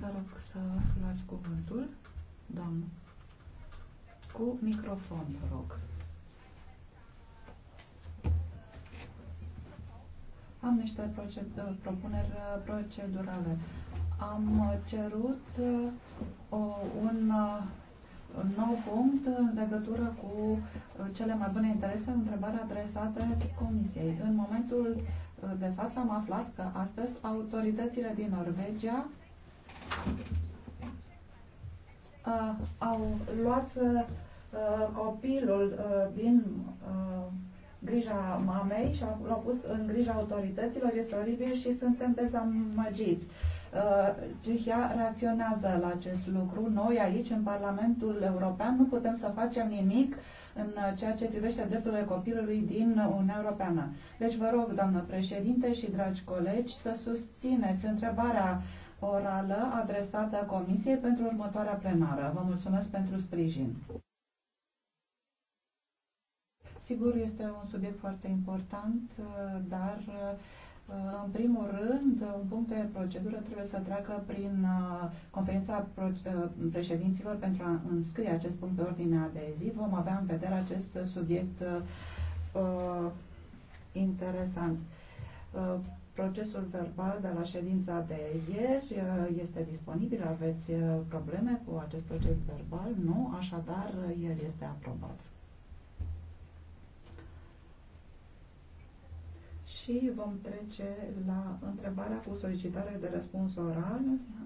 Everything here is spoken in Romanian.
Vă rog să luați cuvântul, doamnă. Cu microfon, vă rog. Am niște proced- uh, propuneri uh, procedurale. Am uh, cerut o, un nou punct în legătură cu cele mai bune interese, întrebare adresată Comisiei. În momentul de față am aflat că astăzi autoritățile din Norvegia uh, au luat uh, uh, copilul uh, din uh, grija mamei și l-au pus în grija autorităților, este oribil și suntem dezamăgiți. Cehia uh, reacționează la acest lucru. Noi aici, în Parlamentul European, nu putem să facem nimic în ceea ce privește drepturile copilului din Uniunea Europeană. Deci vă rog, doamnă președinte și dragi colegi, să susțineți întrebarea uh, orală adresată Comisiei pentru următoarea plenară. Vă mulțumesc pentru sprijin. Sigur, este un subiect foarte important, dar în primul rând, în punct de procedură trebuie să treacă prin uh, conferința uh, președinților pentru a înscrie acest punct pe ordinea de zi. Vom avea în vedere acest subiect uh, interesant. Uh, Procesul verbal de la ședința de ieri uh, este disponibil. Aveți uh, probleme cu acest proces verbal? Nu, așadar uh, el este aprobat. Și vom trece la întrebarea cu solicitare de răspuns oral